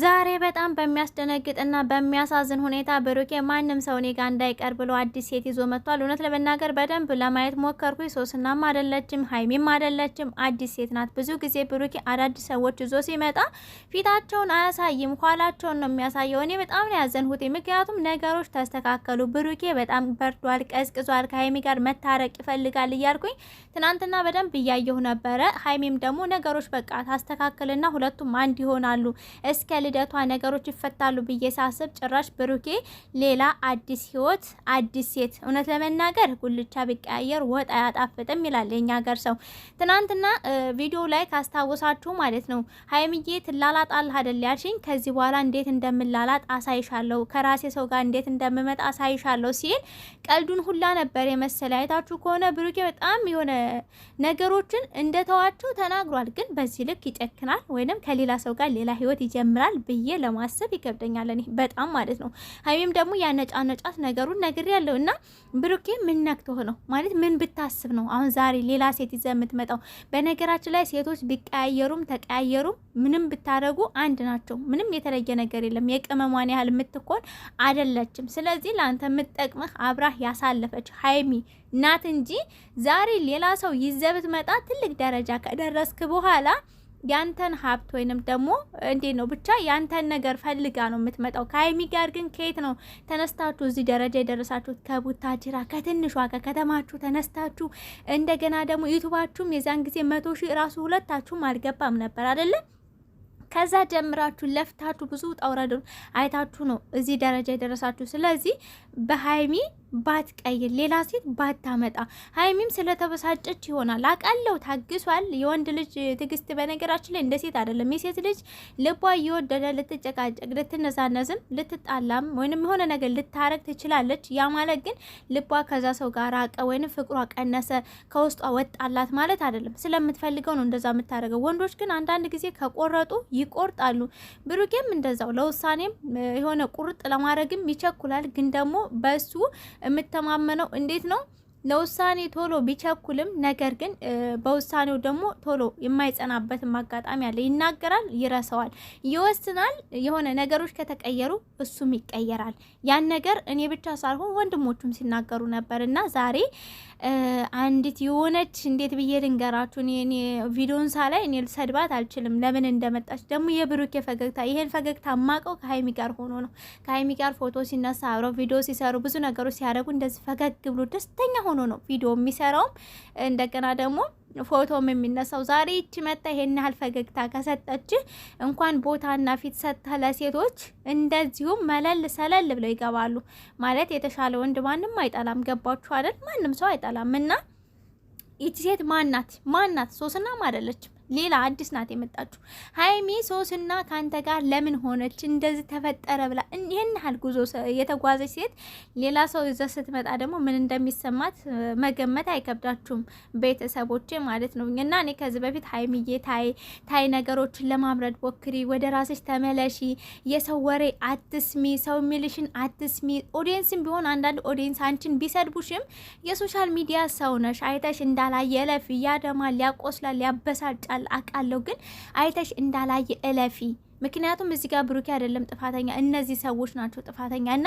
ዛሬ በጣም በሚያስደነግጥ እና በሚያሳዝን ሁኔታ ብሩኬ ማንም ሰው እኔ ጋር እንዳይቀር ብሎ አዲስ ሴት ይዞ መጥቷል። እውነት ለመናገር በደንብ ለማየት ሞከርኩኝ። ሶስናም አይደለችም፣ ሀይሚም አይደለችም፣ አዲስ ሴት ናት። ብዙ ጊዜ ብሩኬ አዳዲስ ሰዎች ይዞ ሲመጣ ፊታቸውን አያሳይም፣ ኋላቸውን ነው የሚያሳየው። እኔ በጣም ነው ያዘንሁት፣ ምክንያቱም ነገሮች ተስተካከሉ። ብሩኬ በጣም በርዷል፣ ቀዝቅዟል፣ ከሀይሚ ጋር መታረቅ ይፈልጋል እያልኩኝ ትናንትና በደንብ እያየሁ ነበረ። ሀይሚም ደግሞ ነገሮች በቃ ታስተካክልና ሁለቱም አንድ ይሆናሉ እስከ ልደቷ ነገሮች ይፈታሉ ብዬ ሳስብ ጭራሽ ብሩኬ ሌላ አዲስ ህይወት አዲስ ሴት። እውነት ለመናገር ጉልቻ ቢቀያየር ወጥ አያጣፍጥም ይላል የኛ ሀገር ሰው። ትናንትና ቪዲዮ ላይ ካስታወሳችሁ ማለት ነው ሀይምዬ ትላላጣል አደል ያልሽኝ፣ ከዚህ በኋላ እንዴት እንደምላላጥ አሳይሻለሁ፣ ከራሴ ሰው ጋር እንዴት እንደምመጣ አሳይሻለሁ ሲል ቀልዱን ሁላ ነበር የመሰለ። አይታችሁ ከሆነ ብሩኬ በጣም የሆነ ነገሮችን እንደተዋቸው ተናግሯል። ግን በዚህ ልክ ይጨክናል ወይንም ከሌላ ሰው ጋር ሌላ ህይወት ይጀምራል ይሆናል ብዬ ለማሰብ ይከብደኛል፣ እኔ በጣም ማለት ነው። ሀይሚም ደግሞ ያነጫነጫት ነገሩን ነግር ያለው እና ብሩኬ ምን ነክቶህ ነው ማለት ምን ብታስብ ነው አሁን ዛሬ ሌላ ሴት ይዘህ የምትመጣው? በነገራችን ላይ ሴቶች ቢቀያየሩም ተቀያየሩም ምንም ብታደረጉ አንድ ናቸው። ምንም የተለየ ነገር የለም። የቅመሟን ያህል የምትኮን አይደለችም። ስለዚህ ለአንተ የምትጠቅምህ አብራህ ያሳለፈች ሀይሚ ናት እንጂ ዛሬ ሌላ ሰው ይዘህ ብትመጣ ትልቅ ደረጃ ከደረስክ በኋላ ያንተን ሀብት ወይንም ደግሞ እንዴት ነው ብቻ ያንተን ነገር ፈልጋ ነው የምትመጣው። ከሀይሚ ጋር ግን ከየት ነው ተነስታችሁ እዚህ ደረጃ የደረሳችሁት? ከቡታጅራ ከትንሿ ከከተማችሁ ተነስታችሁ እንደገና ደግሞ ዩቱባችሁም የዚያን ጊዜ መቶ ሺህ ራሱ ሁለታችሁም አልገባም ነበር አይደለም? ከዛ ጀምራችሁ ለፍታችሁ ብዙ ጣውረድ አይታችሁ ነው እዚህ ደረጃ የደረሳችሁ። ስለዚህ በሀይሚ ባትቀይር ሌላ ሴት ባታመጣ። ሀይሚም ስለተበሳጨች ይሆናል አውቃለሁ። ታግሷል። የወንድ ልጅ ትግስት በነገራችን ላይ እንደ ሴት አይደለም። የሴት ልጅ ልቧ እየወደደ ልትጨቃጨቅ፣ ልትነዛነዝም፣ ልትጣላም ወይንም የሆነ ነገር ልታረግ ትችላለች። ያ ማለት ግን ልቧ ከዛ ሰው ጋር አቀ ወይንም ፍቅሯ ቀነሰ፣ ከውስጧ ወጣላት ማለት አይደለም። ስለምትፈልገው ነው እንደዛ የምታደርገው። ወንዶች ግን አንዳንድ ጊዜ ከቆረጡ ይቆርጣሉ። ብሩኬም እንደዛው ለውሳኔም የሆነ ቁርጥ ለማድረግም ይቸኩላል። ግን ደግሞ በሱ የምተማመነው እንዴት ነው ለውሳኔ ቶሎ ቢቸኩልም ነገር ግን በውሳኔው ደግሞ ቶሎ የማይጸናበትም አጋጣሚ አለ። ይናገራል፣ ይረሰዋል ይወስናል። የሆነ ነገሮች ከተቀየሩ እሱም ይቀየራል። ያን ነገር እኔ ብቻ ሳልሆን ወንድሞቹም ሲናገሩ ነበር እና ዛሬ አንዲት የሆነች እንዴት ብዬ ልንገራችሁ፣ ቪዲዮን ሳ ላይ እኔ ልሰድባት አልችልም። ለምን እንደመጣች ደግሞ የብሩኬ ፈገግታ፣ ይሄን ፈገግታ ማቀው ከሀይሚ ጋር ሆኖ ነው። ከሀይሚ ጋር ፎቶ ሲነሳ አብረው ቪዲዮ ሲሰሩ ብዙ ነገሮች ሲያደርጉ እንደዚህ ፈገግ ብሎ ደስተኛ ሆኖ ነው ቪዲዮ የሚሰራውም እንደገና ደግሞ ፎቶም የሚነሳው። ዛሬ ይቺ መጣ ይሄን ያህል ፈገግታ ከሰጠች እንኳን ቦታና ፊት ሰጥታ ለሴቶች እንደዚሁም መለል ሰለል ብለው ይገባሉ ማለት የተሻለ ወንድ ማንም አይጠላም። ገባችሁ አይደል? ማንም ሰው አይጠላም። እና ይቺ ሴት ማናት? ማናት? ሶስናም አይደለችም። ሌላ አዲስ ናት የመጣችሁ ሀይሚ ሶስና ከአንተ ጋር ለምን ሆነች እንደዚህ ተፈጠረ ብላ ይህን ያህል ጉዞ የተጓዘች ሴት ሌላ ሰው እዛ ስትመጣ ደግሞ ምን እንደሚሰማት መገመት አይከብዳችሁም ቤተሰቦቼ ማለት ነው። እና እኔ ከዚህ በፊት ሀይሚዬ ታይ ታይ ነገሮችን ለማምረድ ሞክሪ፣ ወደ ራስሽ ተመለሺ፣ የሰው ወሬ አትስሚ፣ ሰው የሚልሽን አትስሚ። ኦዲየንስም ቢሆን አንዳንድ ኦዲየንስ አንቺን ቢሰድቡሽም የሶሻል ሚዲያ ሰው ነሽ አይተሽ እንዳላየለፍ እያደማ ሊያቆስላል ያበሳጫል ይሆናል አውቃለሁ፣ ግን አይተሽ እንዳላይ እለፊ። ምክንያቱም እዚህ ጋር ብሩኬ አይደለም ጥፋተኛ፣ እነዚህ ሰዎች ናቸው ጥፋተኛ። እና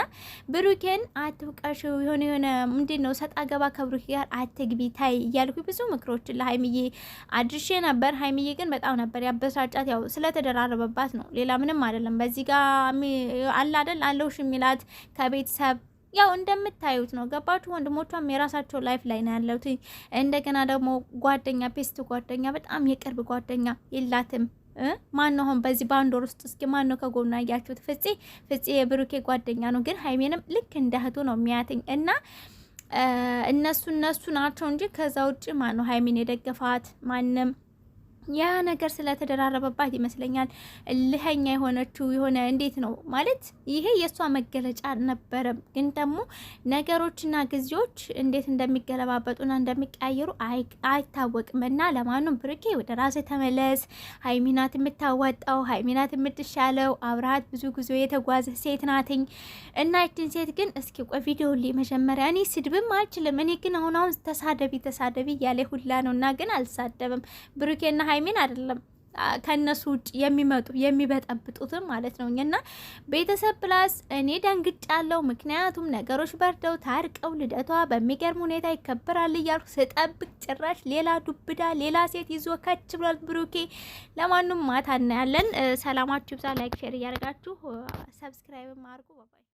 ብሩኬን አትውቀሽ የሆነ የሆነ ምንድን ነው ሰጣ ገባ ከብሩኬ ጋር አትግቢ ታይ እያልኩ ብዙ ምክሮችን ለሀይሚዬ አድርሼ ነበር። ሀይምዬ ግን በጣም ነበር ያበሳጫት፣ ያው ስለተደራረበባት ነው፣ ሌላ ምንም አይደለም። በዚህ ጋር አላደል አለውሽ የሚላት ከቤተሰብ ያው እንደምታዩት ነው። ገባችሁ? ወንድሞቿም የራሳቸው ላይፍ ላይ ነው ያለሁት። እንደገና ደግሞ ጓደኛ ቤስት ጓደኛ በጣም የቅርብ ጓደኛ የላትም። ማን አሁን በዚህ በአንድ ወር ውስጥ እስኪ ማን ነው ከጎኗ ያያችሁት? ፍፄ ፍፄ የብሩኬ ጓደኛ ነው፣ ግን ሀይሜንም ልክ እንደ እህቱ ነው የሚያትኝ እና እነሱ እነሱ ናቸው እንጂ ከዛ ውጭ ማን ነው ሀይሜን የደገፋት ማንም ያ ነገር ስለተደራረበባት ይመስለኛል እልኸኛ የሆነችው። የሆነ እንዴት ነው ማለት ይሄ የእሷ መገለጫ አልነበረም፣ ግን ደግሞ ነገሮችና ጊዜዎች እንዴት እንደሚገለባበጡና እንደሚቀያየሩ አይታወቅም። እና ለማንም ብርኬ ወደ ራሴ ተመለስ። ሀይሚናት የምታወጣው ሀይሚናት የምትሻለው አብርሃት ብዙ ጊዜ የተጓዘ ሴት ናትኝ እና ይችን ሴት ግን እስኪ ቆይ ቪዲዮ ሁሌ መጀመሪያ እኔ ስድብም አልችልም። እኔ ግን አሁን አሁን ተሳደቢ ተሳደቢ እያለ ሁላ ነው እና ግን አልሳደብም ብሩኬና ሀይሜን አይደለም ከእነሱ ውጭ የሚመጡ የሚበጠብጡትም ማለት ነው። እና ቤተሰብ ፕላስ እኔ ደንግጫለሁ። ምክንያቱም ነገሮች በርደው ታርቀው ልደቷ በሚገርም ሁኔታ ይከበራል እያልኩ ስጠብቅ ጭራሽ ሌላ ዱብዳ፣ ሌላ ሴት ይዞ ከች ብሏል ብሩኬ። ለማንም ማታ እናያለን። ሰላማችሁ ይብዛ። ላይክ ሼር እያደረጋችሁ ሰብስክራይብ አድርጉ።